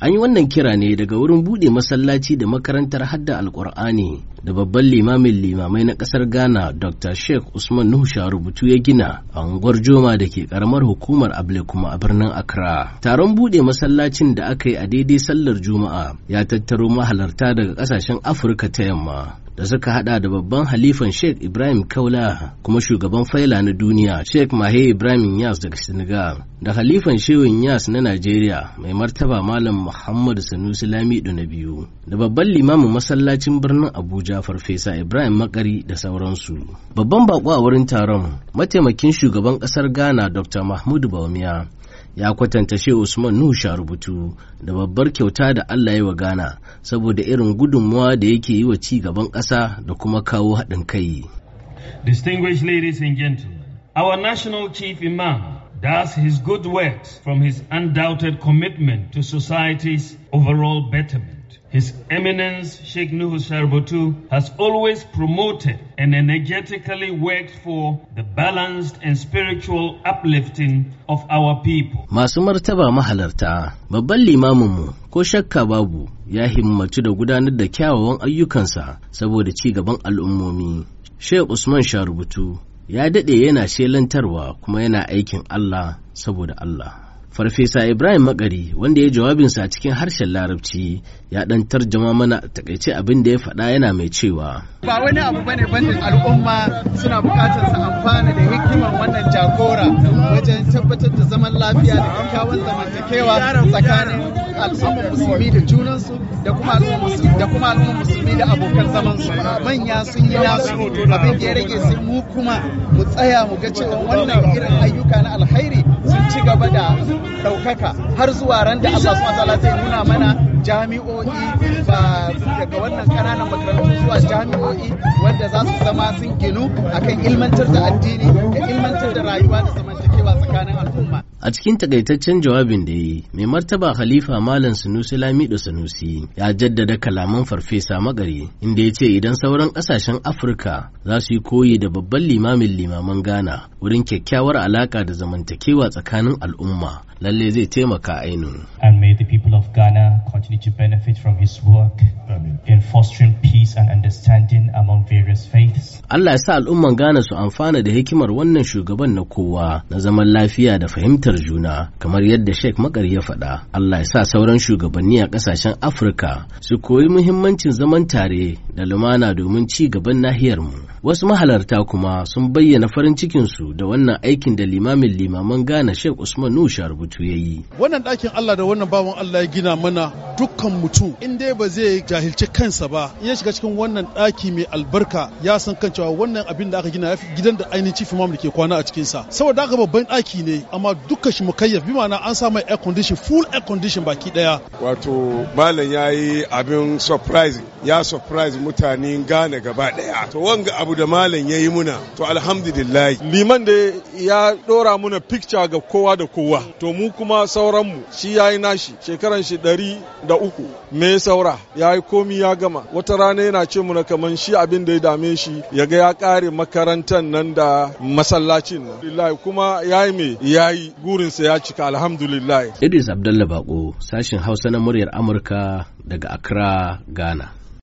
An yi wannan kira ne daga wurin buɗe masallaci da makarantar hadda alkur'ani da babban limamin limamai na ƙasar Ghana Dr. Sheikh Usman Nuhu Sharubutu ya gina a unguwar Joma da ke karamar hukumar Able kuma a birnin Accra. Taron buɗe masallacin da aka yi a daidai sallar Juma'a ya tattaro mahalarta daga ƙasashen Afirka ta yamma da suka hada da babban halifan sheikh ibrahim kaula kuma shugaban faila na duniya sheikh mahe ibrahim yas daga senegal da halifan shehun yas na najeriya mai martaba malam muhammad sanusi lamido na biyu da babban limamin masallacin birnin abuja farfesa ibrahim makari da sauransu babban bako a wurin taron mataimakin shugaban kasar ghana dr mahmud bawumia ya kwatanta shi usman sha rubutu da babbar kyauta da allah yi wa ghana saboda irin gudunmawa da yake yi wa ci gaban ƙasa da kuma kawo haɗin kai distinguished ladies and gentlemen our national chief imam does his good works from his undoubted commitment to society's overall betterment His Eminence Sheikh Nuhu Sharbotu has always promoted and energetically worked for the balanced and spiritual uplifting of our people. Masu martaba mahalarta, babban limaminmu ko shakka babu ya himmatu da gudanar da kyawawan ayyukansa saboda ci gaban al'ummomi. Sheikh Usman Sharbutu ya daɗe yana shelantarwa kuma yana aikin Allah saboda Allah. Farfesa Ibrahim Makari wanda ya jawabinsa a cikin harshen Larabci ya dan tarjama mana takaice abin da ya faɗa yana mai cewa. Ba wani abu bane bandin al'umma suna bukatar su amfana da hikimar wannan jagora wajen tabbatar da zaman lafiya da kyakkyawan zamantakewa tsakanin al'umma musulmi da junansu da kuma al'umma musulmi da abokan zamansu. Manya sun yi nasu abin da ya rage sai mu kuma mu tsaya mu ga cewa wannan irin ayyuka na alkhairi sun ci gaba da ɗaukaka har zuwa ran da Allah su zai nuna mana jami'o'i ba daga wannan ƙananan makarantu zuwa jami'o'i wanda za su zama sun ginu akan ilmantar da addini da ilmantar da rayuwa da zamantakewa tsakanin al'umma a cikin takaitaccen jawabin da yi mai martaba khalifa malam sunusi lamido Sanusi ya jaddada kalaman farfesa magari inda ya ce idan sauran kasashen afirka za su yi koyi da babban limamin limaman ghana wurin kyakkyawar alaka da zamantakewa tsakanin al'umma lalle zai taimaka ainihin. And may the people of Ghana continue to benefit from his work in fostering peace and understanding among various faiths. Allah ya sa al'umman Ghana su amfana da hikimar wannan shugaban na kowa na zaman lafiya da fahimtar juna kamar yadda Sheikh Makar ya faɗa. Allah ya sa sauran shugabanni a ƙasashen Afirka su koyi muhimmancin zaman tare da lumana domin ci gaban nahiyarmu. Wasu mahalarta kuma sun bayyana farin cikinsu da wannan aikin da limamin limaman Ghana Sheikh Usman Nusha rubuta. mutu ya yi wannan ɗakin Allah da wannan bawan Allah ya gina mana dukkan mutum in dai ba zai jahilci kansa ba ya shiga cikin wannan ɗaki mai albarka ya san kan cewa wannan abin da aka gina gidan da ainihin chief imam da ke kwana a cikinsa saboda haka babban ɗaki ne amma dukkan shi mukayyaf bi ma'ana an samu air condition full air condition baki daya wato malam ya yi abin surprise ya surprise mutanen gane gaba daya to wanga abu da malam ya yi muna to alhamdulillah liman da ya dora muna picture ga kowa da kowa to mu kuma sauranmu shi ya yi nashi shekaran shi ɗari da uku me saura ya yi komi ya gama wata rana yana ce mu na kaman shi abin da ya dame shi ya ga ya kare makarantar nan da masallacin nan kuma ya yi me ya yi gurinsa ya cika alhamdulillah idris abdallah bako sashin hausa na muryar amurka daga accra ghana